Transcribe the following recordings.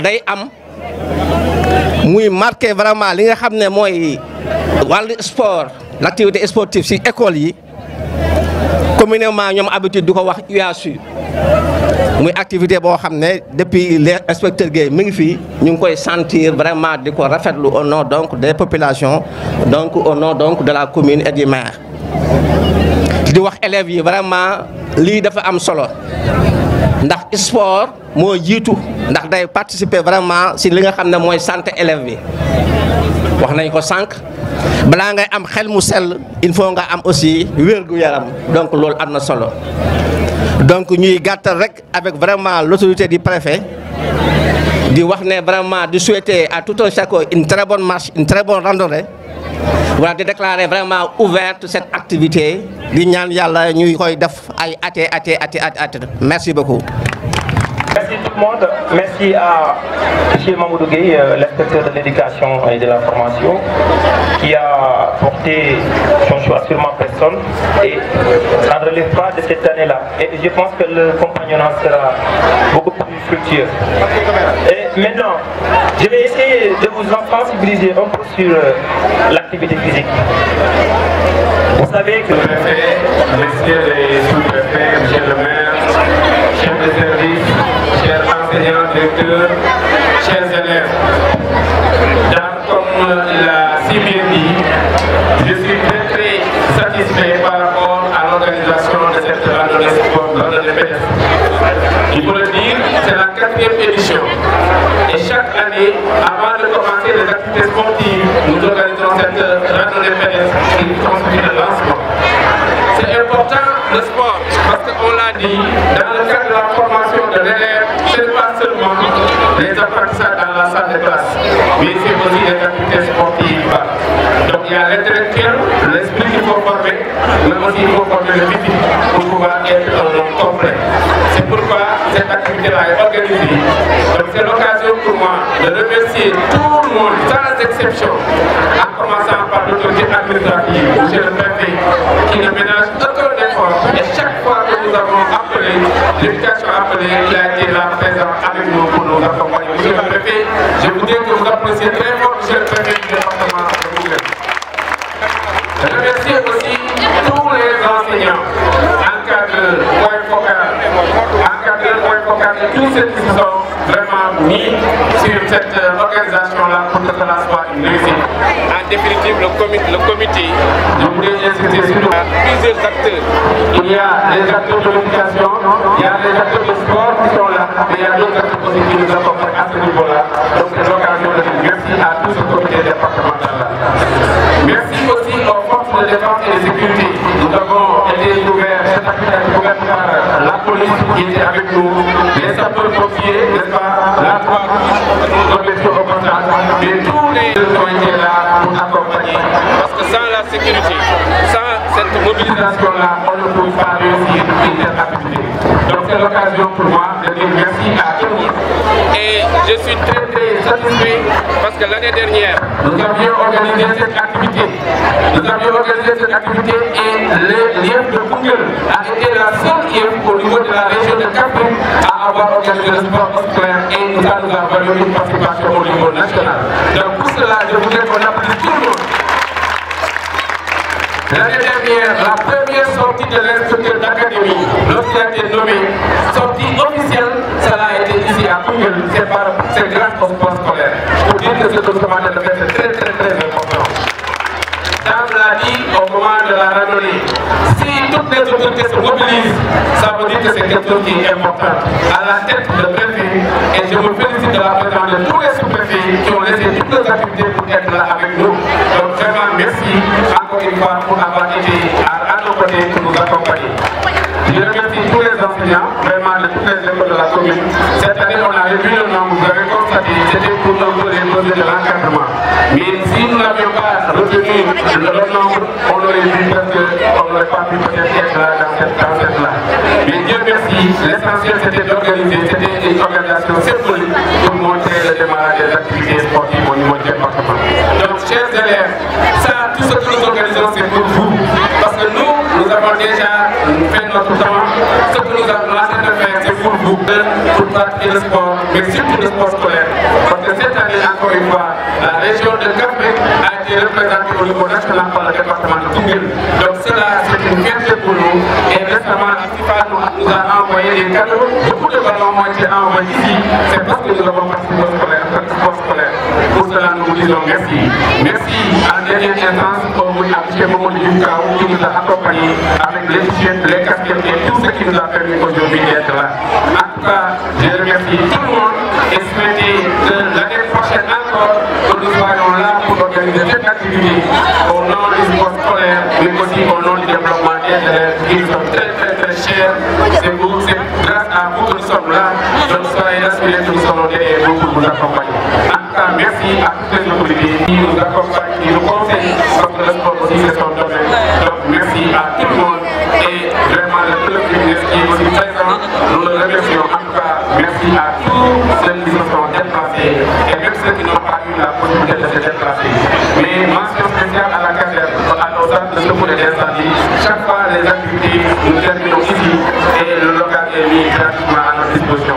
day am muy marqué vraiment li nga xamné moy mooy sport l'activité sportive ci école yi communément ñom habitude du ko wax UASU muy activité bo xamné depuis les inspecteurs gay mi ngi fii koy sentir vraiment diko rafetlu au nom donc des populations donc au nom donc de la commune et du maire di wax élèves yi vraiment l'idée dafa am solo ndax sport moo jiitu ndax day participer vraiment si li nga xam ne mooy santé élève bi wax nañ ko sànq balaa ngay am xel mu sell il faut nga am aussi wér-gu-yaram donc loolu am na solo donc ñuy gàttal rek avec vraiment l'autorité du préfet di wax ne vraiment di souhaiter à tout un chacun une très bonne marche une très bonne voilà di déclarer vraiment ouverte cette activité ñuy koy merci beaucoup. Merci tout le monde. Merci à M. Mamoudou Gueye, euh, l'inspecteur de l'éducation et de la formation, qui a porté son choix sur ma personne et en relève pas de cette année-là. Et je pense que le compagnonnage sera beaucoup plus fructueux. Maintenant, je vais essayer de vous en sensibiliser un peu sur euh, l'activité physique. Vous savez que... Le préfet, messieurs les sous-préfets, monsieur le maire, chers de services, chers enseignants, directeurs, chers élèves, dans, comme euh, l'a si je suis très très satisfait par rapport à l'organisation de cette randonnée sport dans le édition. Et chaque année, avant de commencer les activités sportives, nous organisons cette randonnée pédestre qui transmet le lancement. C'est important le sport parce qu'on l'a dit, dans le cadre de la formation de l'élève, ce n'est pas seulement les apprentissages dans la salle de classe, mais c'est aussi les activités sportives. Donc il y a l'intellectuel, l'esprit qu'il faut former, mais aussi il faut former le physique pour pouvoir être un homme C'est pourquoi cette activité-là est organisée. Donc c'est l'occasion pour moi de remercier tout le monde, sans exception, en commençant par l'autorité administrative, monsieur le préfet, qui ne ménage aucun effort. Et chaque fois que nous avons appelé, l'éducation appelée, il a été là présent avec nous pour nous accompagner. Monsieur le préfet, je vous dis que vous appréciez très fort, monsieur le préfet tous ceux qui sont vraiment mis sur cette euh, organisation-là pour que cela soit une réussite. En définitive, le comité, le comité nous voulais insister sur à plusieurs acteurs. Il y a les acteurs de l'éducation, il y a les acteurs de sport qui sont là, et il y a d'autres acteurs aussi qui nous apportent à ce niveau-là. Donc c'est l'occasion de dire merci à tout ce comité départemental-là. Merci aussi aux forces de défense et de sécurité. Nous avons été ouverts, cette activité ouverte par la police qui était avec nous, n'est-ce pas, la drogue de blessure au contact, et tous les ont été là pour accompagner. Parce que sans la sécurité, sans cette mobilisation-là, on ne peut pas réussir une telle activité. Donc c'est l'occasion pour moi de dire merci à tous. Et je suis très très satisfait parce que l'année dernière, nous avions organisé cette activité. Nous avions organisé cette activité et l'IF de Google a été la seule IEF au niveau de la région de Capri à avoir organisé le sport scolaire et nous avons valu une participation au niveau national. Donc pour cela, je voudrais qu'on appuie tout le monde. L'année dernière, la première sortie de l'institut d'académie, lorsqu'il a été nommé, sortie officielle, c'est par ces grands transports scolaires. Pour dire que ce que nous de c'est très très très important. Dame l'a dit au moment de la randonnée, si toutes les autorités se mobilisent, ça veut dire que c'est quelque chose qui est important. À la tête de préfet, et je me félicite de la présence de tous les sous-préfets qui ont laissé toutes les activités pour être là avec nous. Donc vraiment, merci encore une fois pour avoir été à, à nos côtés pour nous accompagner. c'était pour les imposer de l'encadrement. Mais si nous n'avions pas retenu le nombre, on aurait vu on n'aurait pas pu peut dans cette, dans là. Mais Dieu merci, l'essentiel c'était d'organiser, c'était une organisation sérieuse pour montrer le démarrage des activités sportives au niveau du département. Donc, chers élèves, ça, tout ce que nous organisons, c'est pour vous. Parce que nous, nous avons déjà fait notre travail. pour vous, pour pratiquer le sport, mais surtout le sport scolaire. Parce que cette année, encore une fois, la région de Café a été représentée au niveau national par le département de Tougil. Donc cela, c'est une fierté pour nous. Et récemment, la FIFA nous a envoyé des cadeaux. Beaucoup de ballons ont été envoyés ici. C'est parce que nous avons participé au sport scolaire. pour cela nous vous disons merci. Merci en dernière instance au Mouni Abdié Mamadou Diouf qui nous a accompagnés avec les chefs, les casquettes et tout ce qui nous a permis aujourd'hui d'être là. En tout cas, je remercie tout le monde et souhaiter que l'année prochaine encore que nous soyons là pour organiser cette activité au nom du sport scolaire mais aussi au nom du développement des élèves qui sont très très très chers. C'est vous, c'est grâce à vous que nous sommes là. Je vous serai rassuré que nous serons là et vous pour vous accompagner. En tout cas, merci. merci à toutes les autorités qui nous accompagnent, qui nous conseillent, parce que le sport aussi son Donc merci à tout le monde et vraiment le club business qui est aussi présent, nous le remercions. encore. merci à tous ceux qui se sont déplacés et même ceux qui n'ont pas eu la possibilité de se déplacer. Mais mention spéciale à la carrière, à nos centres de secours et d'incendie. Chaque fois les activités, nous terminons ici et le local est mis gratuitement à notre disposition.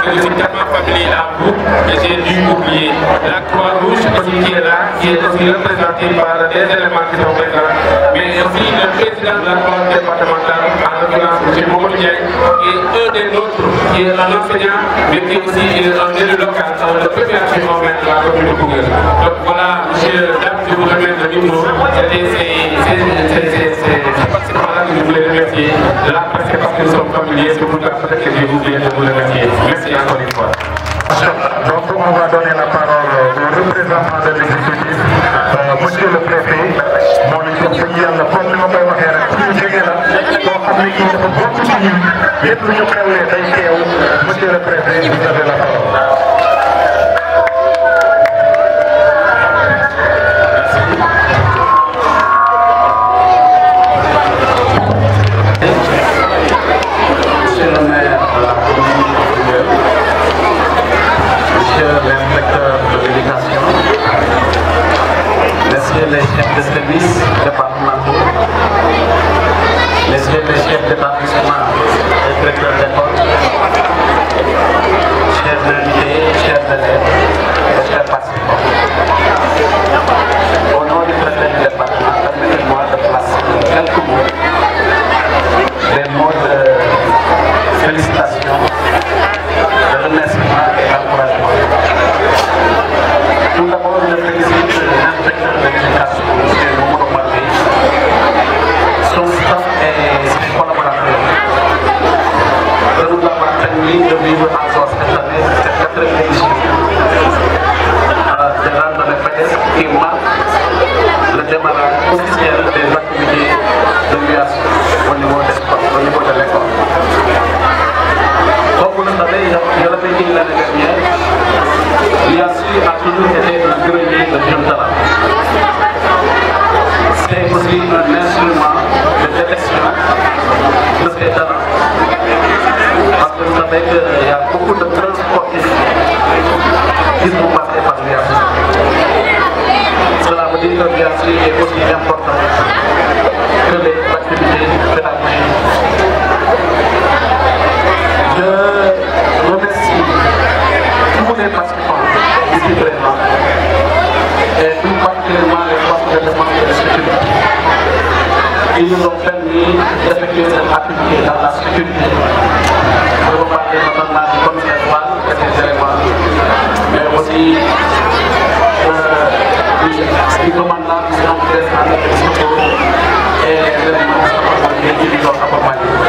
je suis que j'ai dû oublier. La Croix-Rouge aussi qui est là, qui est aussi représentée par des éléments qui sont présents, mais aussi le président de la Croix départementale, en l'occurrence M. Momodien, qui est un des nôtres, qui est un enseignant, mais qui est aussi un élu local, le premier archivement de la commune de Google. Donc voilà, M. Dame, je vous remets de nouveau. C'était vous les remercier. Là, parce que, parce que nous sommes familiers, c'est pour ça que vous oublié de vous remercier. Merci encore une fois. Donc, on va donner la parole au représentant de l'exécutif, euh, monsieur le préfet. Mon équipe, il y a le premier membre de la boo xam ne kii dafa bokk ci ñun nous lu ñu xewlee day monsieur le préfet vous avez la parole. à la commune communale, monsieur l'inspecteur de l'éducation, messieurs les chefs de service départementaux, messieurs les chefs d'établissement et directeurs d'école, chers invités, chers élèves, qui nous passe par l'IACI. Cela veut dire que l'IACI est aussi important que les activités pédagogiques. Je remercie tous les participants ici présents et tout particulièrement les forces de défense et de sécurité. Ils nous ont permis d'effectuer cette activité dans la sécurité. Je vous parle notamment du commissaire Wall et des éléments. aussi eh, di commandant bi si am des et vraiment